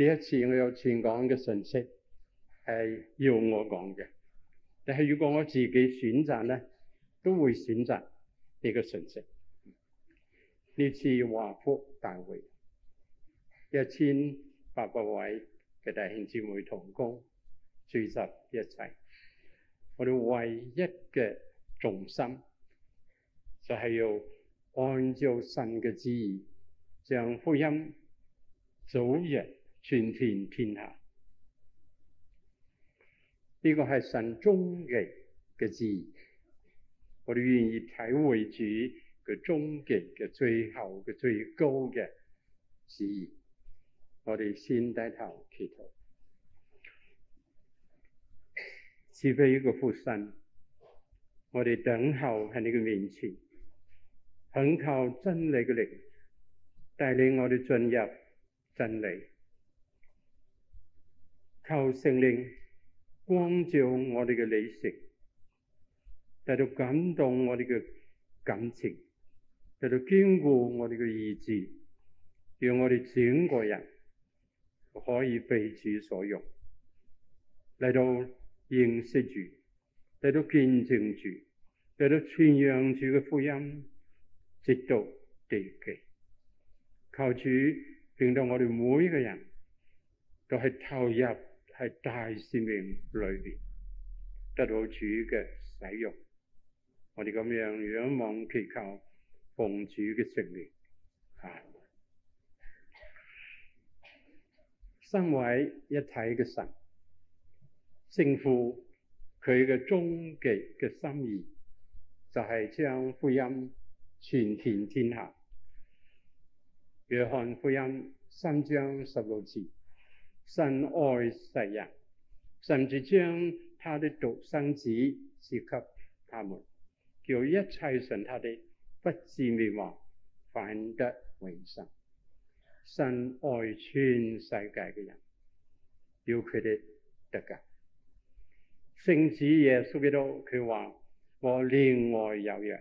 呢一次我有全講嘅信息係要我講嘅，但係如果我自己選擇咧，都會選擇呢個信息。呢次華福大會一千八百位嘅弟兄姊妹同工聚集一齊，我哋唯一嘅重心就係要按照神嘅旨意，將福音早日全天天下，呢、這個係神終極嘅旨意，我哋願意體會主嘅終極嘅最後嘅最高嘅旨意。我哋先低頭祈禱，慈悲一個父神，我哋等候喺你嘅面前，肯靠真理嘅力帶領我哋進入真理。求聖靈光照我哋嘅理性，嚟到感動我哋嘅感情，嚟到堅固我哋嘅意志，讓我哋整個人可以被主所用，嚟到認識主，嚟到見證主，嚟到傳揚主嘅福音，直到地極。求主令到我哋每一個人都係投入。喺大使命裏邊得到主嘅使用，我哋咁樣仰望祈求奉主嘅聖名。啊，三位一體嘅神，聖父佢嘅終極嘅心意就係、是、將福音傳遍天，天下。約翰福音三章十六節。神愛世人，甚至將他的獨生子賜給他們，叫一切信他的不至滅亡，反得永生。神愛全世界嘅人，要佢哋得噶。聖子耶穌基督，佢話我另外有羊，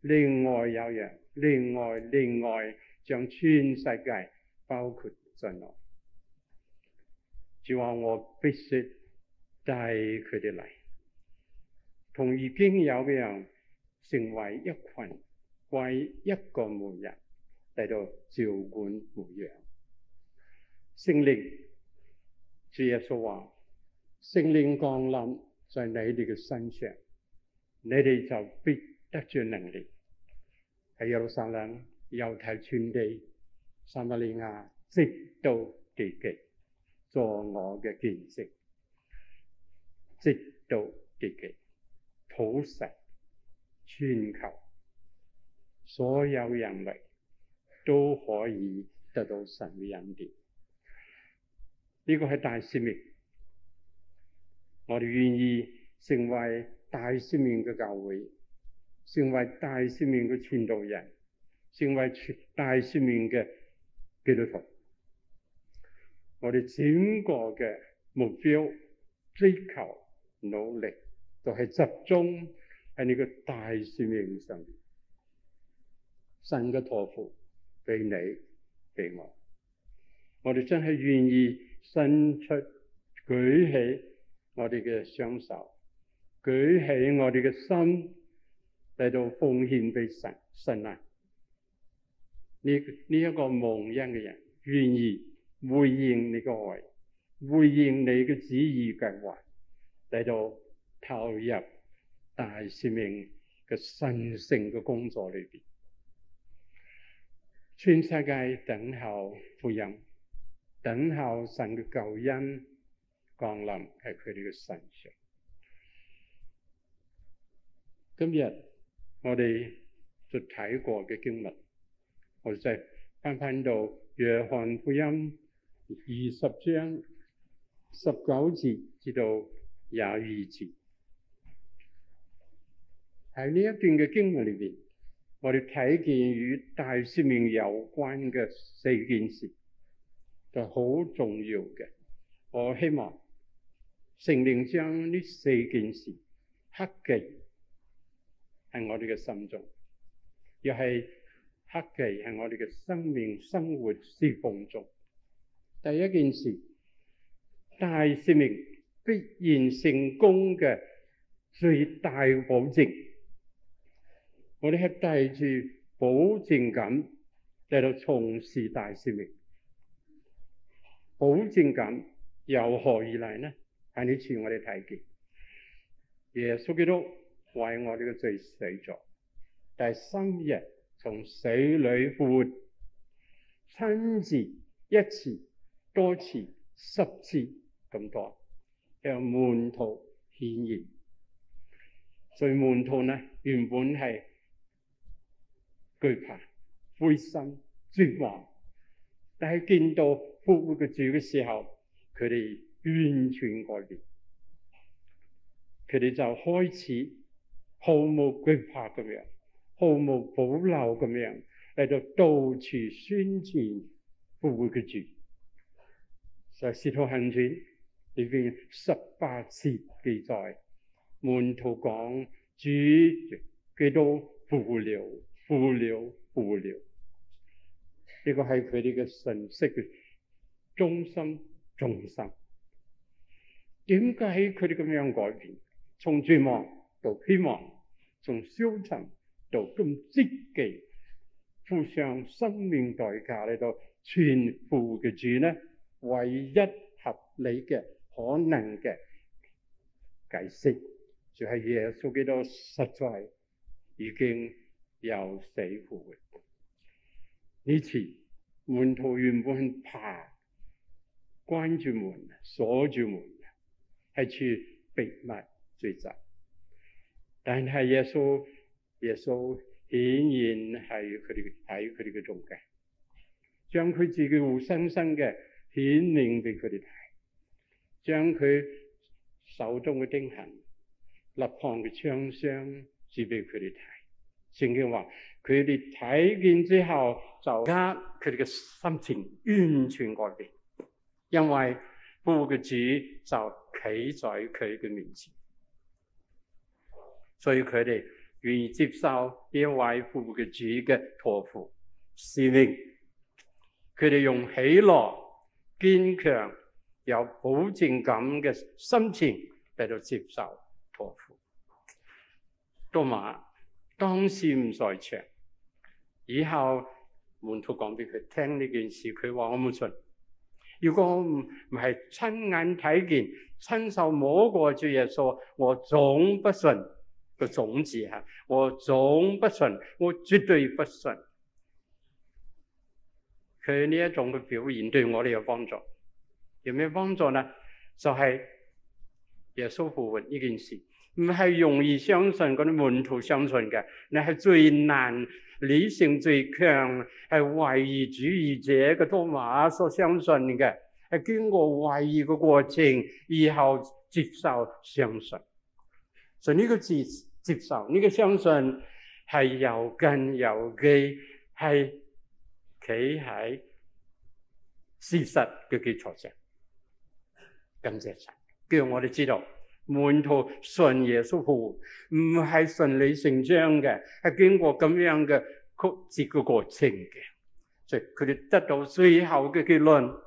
另外有羊，另外，另外，將全世界包括在內。主話我必須帶佢哋嚟，同已經有嘅人成為一群，為一個牧人嚟到照管牧養。聖靈，主耶穌話：聖靈降臨在你哋嘅身上，你哋就必得着能力，喺耶路撒冷、猶太全地、撒瑪利亞，直到地極。作我嘅見證，直到極極，普世全球，所有人類都可以得到神嘅恩典。呢、這個係大使命，我哋願意成為大使命嘅教會，成為大使命嘅傳道人，成為全大使命嘅基督徒。我哋整個嘅目標、追求、努力，就係、是、集中喺呢個大使命上面。神嘅托付俾你俾我，我哋真係願意伸出、舉起我哋嘅雙手，舉起我哋嘅心嚟到奉獻俾神。神啊，呢呢一個蒙恩嘅人，願意。回應你個愛，回應你嘅旨意計劃，嚟到投入大使命嘅神聖嘅工作裏邊。全世界等候福音，等候神嘅救恩降臨喺佢哋嘅身上。今日我哋就睇過嘅經文，我哋就係翻翻到約翰福音。二十章十九節至到廿二節，喺呢一段嘅經文裏邊，我哋睇見與大使命有關嘅四件事，就好重要嘅。我希望聖靈將呢四件事刻記喺我哋嘅心中，又係刻記喺我哋嘅生命生活事奉中。第一件事，大使命必然成功嘅最大保證。我哋係帶住保證感嚟到從事大使命。保證感由何而嚟呢？喺呢次我哋睇見耶穌基督為我哋嘅罪死咗，第三日從死裏活，親自一次，多次、失之咁多，向門徒顯現言。所以門徒咧原本係懼怕、灰心、絕望，但係見到復活嘅主嘅時候，佢哋完全改變，佢哋就開始毫無懼怕咁樣，毫無保留咁樣嚟到到處宣傳復活嘅主。就係、是《使徒行傳》裏邊十八次記載，門徒講主幾多復活了、復活了、復活了，呢個係佢哋嘅信息嘅中心中心。點解佢哋咁樣改變，從絕望到希望，從消沉到咁積極，付上生命代價嚟到全付嘅主呢？唯一合理嘅可能嘅解釋，就係耶穌基督實在已經由死復活嘅。呢次門徒原本怕關住門啊，鎖住門啊，係處秘密聚集，但係耶穌耶穌顯然係佢哋喺佢哋嘅中間嘅，將佢自己活生生嘅。點映俾佢哋睇，將佢手中嘅釘痕、肋旁嘅創傷，指俾佢哋睇。聖經話，佢哋睇見之後，就而家佢哋嘅心情完全改變，因為富嘅主就企在佢嘅面前，所以佢哋願意接受呢位富嘅主嘅託付。使命，佢哋用喜樂堅強有保證感嘅心情嚟到接受託付。多馬當時唔在場，以後門徒講俾佢聽呢件事，佢話，我唔信。如果我唔係親眼睇見、親手摸過主耶穌，我總不信個種子吓，我總不信，我絕對不信。佢呢一種嘅表現對我哋有幫助，有咩幫助呢？就係耶穌復活呢件事唔係容易相信，嗰啲門徒相信嘅，你係最難理性最強，係懷疑主義者嘅多馬所相信嘅，係經過懷疑嘅過程以後接受相信。所以呢個接接受呢、呢個相信係有根有基係，企喺事實嘅基礎上，感謝神，叫我哋知道門徒信耶穌唔係順理成章嘅，係經過咁樣嘅曲折嘅過程嘅，所以佢哋得到最後嘅結論，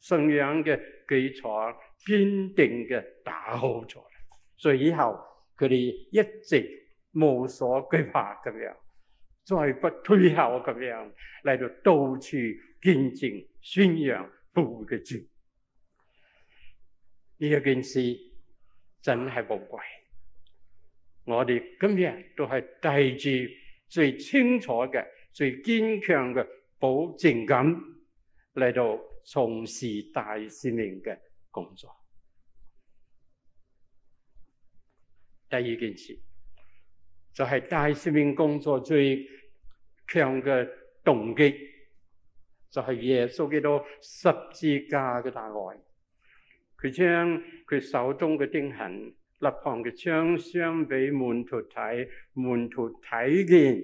信仰嘅基礎堅定嘅打好咗啦，所以以後佢哋一直無所懼怕咁樣。再不推後咁樣，嚟到到處見證宣揚父嘅字，呢一件事真係寶貴。我哋今日都係帶住最清楚嘅、最堅強嘅保證感嚟到從事大使命嘅工作。第二件事就係、是、大使命工作最。強嘅動機就係耶穌基督十字架嘅大愛。佢將佢手中嘅釘痕、肋旁嘅槍傷，俾門徒睇，門徒睇見，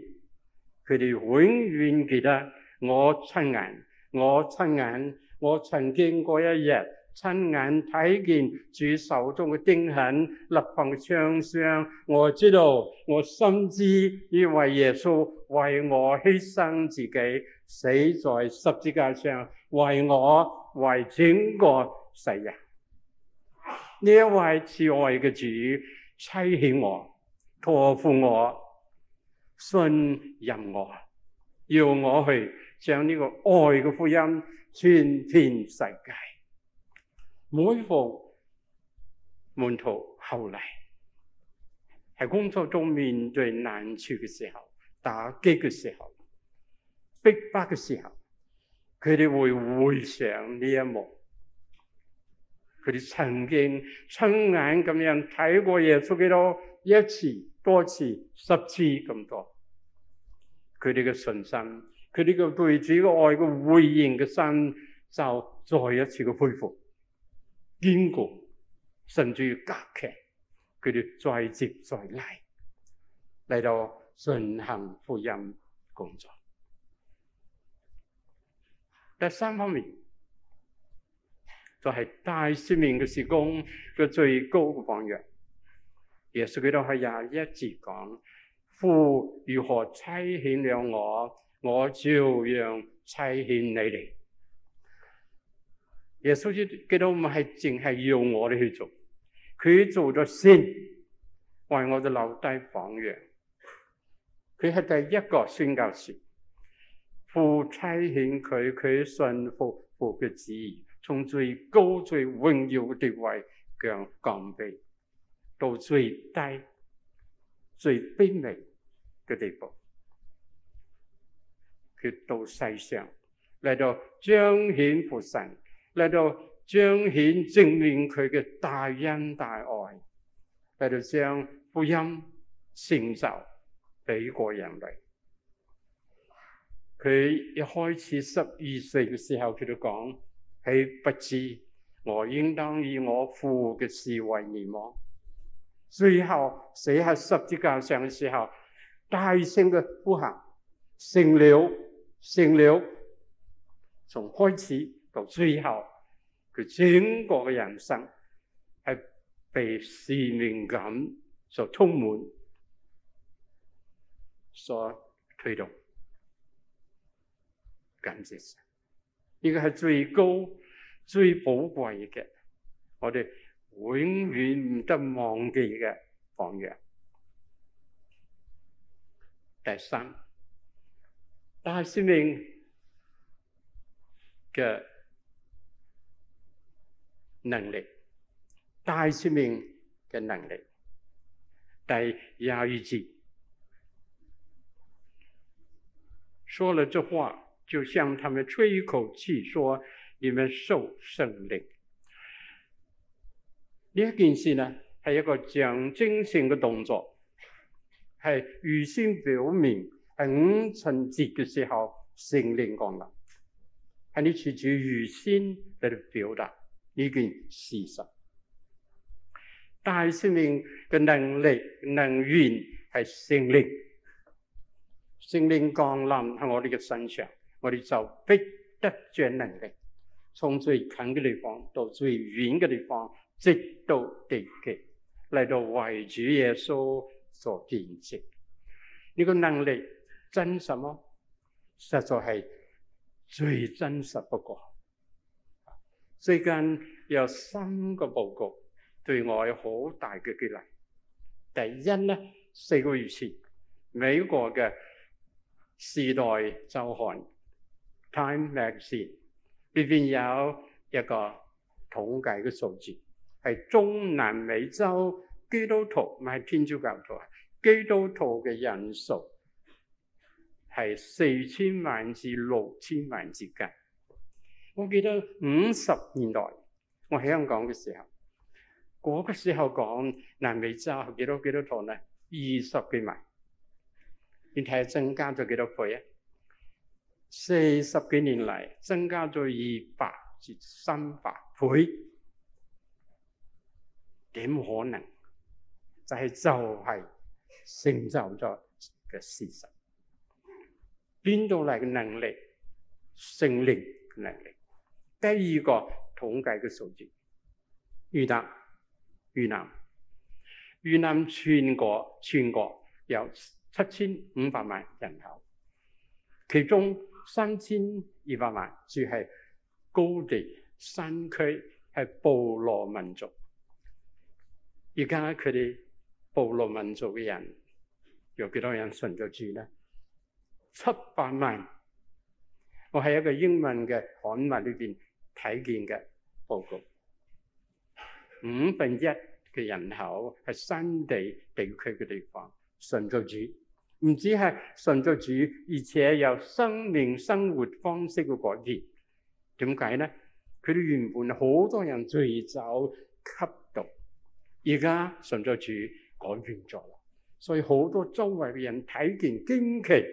佢哋永遠記得，我親眼，我親眼，我曾經嗰一日。親眼睇見主手中嘅釘痕、肋旁嘅創傷，我知道我深知，以為耶穌為我犧牲自己，死在十字架上，為我為整個世人。呢一位慈愛嘅主，差遣我，托付我，信任我，要我去將呢個愛嘅福音傳遍世界。每逢門徒後嚟，喺工作中面對難處嘅時候、打擊嘅時候、逼迫嘅時候，佢哋會回想呢一幕。佢哋曾經親眼咁樣睇過耶穌幾多，一次、多次、十次咁多。佢哋嘅信心、佢哋嘅對主嘅愛嘅回應嘅心，就再一次嘅恢復。堅固甚至於隔劇，佢哋再接再厲嚟到順行福音工作。第三方面就係大使命嘅事工嘅最高嘅榜樣。耶穌佢都係廿一節講，父如何差遣了我，我照樣差遣你哋。耶穌基督，唔係淨係要我哋去做，佢做咗先，為我哋留低榜樣。佢係第一個宣教士，父差遣佢，佢信父，父嘅旨意，從最高最榮耀嘅地位降降卑，到最低最卑微嘅地步，去到世上嚟到彰顯父神。嚟到彰顯證明佢嘅大恩大愛，嚟到將福音成就俾過人類。佢一開始十二歲嘅時候，佢就講：，豈不知我應當以我父嘅事為念麼？最後死喺十字架上嘅時候，大聲嘅呼喊：，成了，成了！從開始。到最後，佢整個嘅人生係被使命感所充滿，所推動，感謝，呢個係最高、最寶貴嘅，我哋永遠唔得忘記嘅榜樣。第三，大使命嘅。能力，大使命嘅能力，第廿一節。說了這話，就向他們吹一口氣，說：你們受聖靈。呢一件事呢，係一個象徵性嘅動作，係預先表明，係五旬節嘅時候聖靈降落，係你處處預先嘅表達。呢件事實，大使命嘅能力、能源係聖靈，聖靈降臨喺我哋嘅身上，我哋就逼得着能力，從最近嘅地方到最遠嘅地方，直到地極嚟到為主耶穌所見證。呢、這個能力真實麼？實在係最真實不過。最近有三個報告對外好大嘅激勵。第一咧，四個月前美國嘅時代週刊《Time Magazine》入邊有一個統計嘅數字，係中南美洲基督徒唔係天主教徒，基督徒嘅人數係四千萬至六千萬之間。我記得五十年代，我喺香港嘅時候，嗰個時候講南美洲幾多幾多度呢，二十幾萬。你睇下增加咗幾多倍啊？四十幾年嚟增加咗二百至三百倍，點可能？就係就係成就咗嘅事實。邊度嚟嘅能力？聖靈能力？第二個統計嘅數字，越南，越南，越南全國全國有七千五百萬人口，其中三千二百萬住喺高地山區，係部落民族。而家佢哋部落民族嘅人有幾多人信咗主咧？七百萬。我喺一個英文嘅刊物裏邊。睇見嘅報告，五分一嘅人口係山地地區嘅地方。神在主唔止係神在主，而且有生命生活方式嘅改變。點解呢？佢哋原本好多人醉酒吸毒，而家神在主改變咗啦，所以好多周圍嘅人睇見驚奇。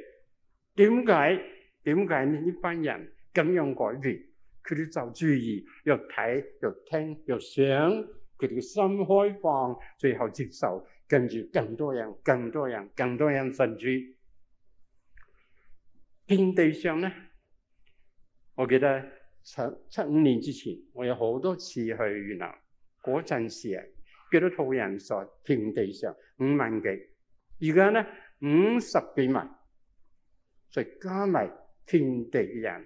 點解？點解呢班人咁樣改變？佢哋就注意，又睇又聽又想，佢哋嘅心開放，最後接受，跟住更多人、更多人、更多人信主。天地上咧，我記得七七五年之前，我有好多次去越南，嗰陣時啊，幾多土人在天地上五萬幾，而家咧五十幾萬，所以加埋天地人。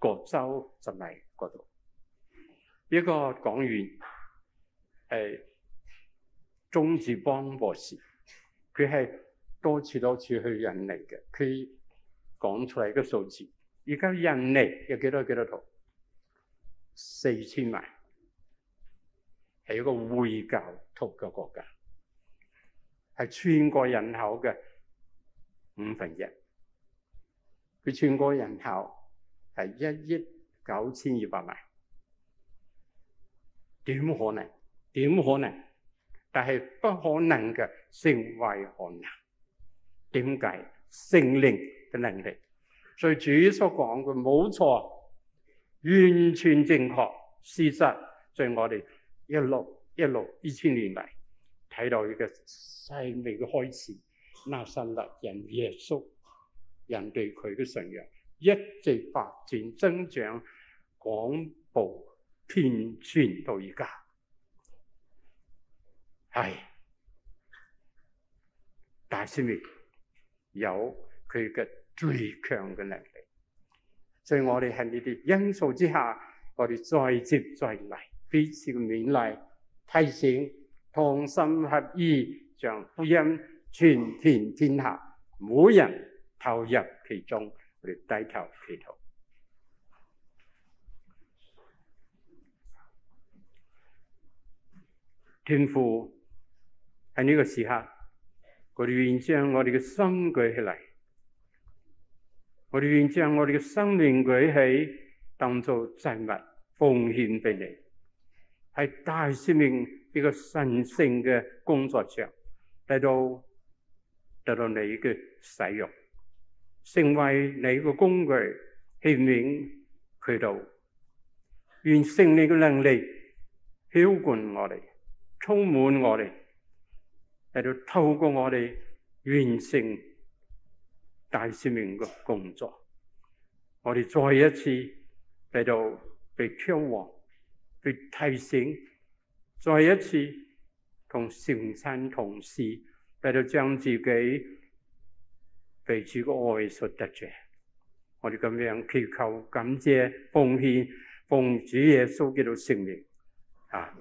各州就咪嗰度，一個講員係鍾志邦博士，佢係多次多次去印尼嘅，佢講出嚟嘅數字，而家印尼有幾多幾多徒？四千萬，係一個回教徒嘅國家，係全國人口嘅五分一，佢全國人口。係、就是、一億九千二百萬，點可能？點可能？但係不可能嘅，成為可能。點解？聖靈嘅能力。所以主所講嘅冇錯，完全正確。事實在我哋一路一路,一路二千年嚟睇到呢個細微嘅開始，拿撒勒人耶穌人對佢嘅信仰。一直發展增長，廣布遍傳到而家，係大使命有佢嘅最強嘅能力。所以我哋喺呢啲因素之下，我哋再接再厲，彼此勉勵，提醒同心合意，將福音傳遍天下，每人投入其中。我哋低頭祈禱，天父，喺呢個時刻，我哋願將我哋嘅心舉起嚟，我哋願將我哋嘅生命舉起，當作祭物奉獻俾你，喺大使命呢個神聖嘅工作上，得到得到你嘅使用。成為你嘅工具，獻冕渠道，完成你嘅能力，澆灌我哋，充滿我哋，嚟到透過我哋完成大使命嘅工作。我哋再一次嚟到被挑旺，被提醒，再一次同聖山同事嚟到將自己。被主嘅愛所得著，我哋咁樣祈求、感謝、奉獻、奉主耶穌基督聖名，啊！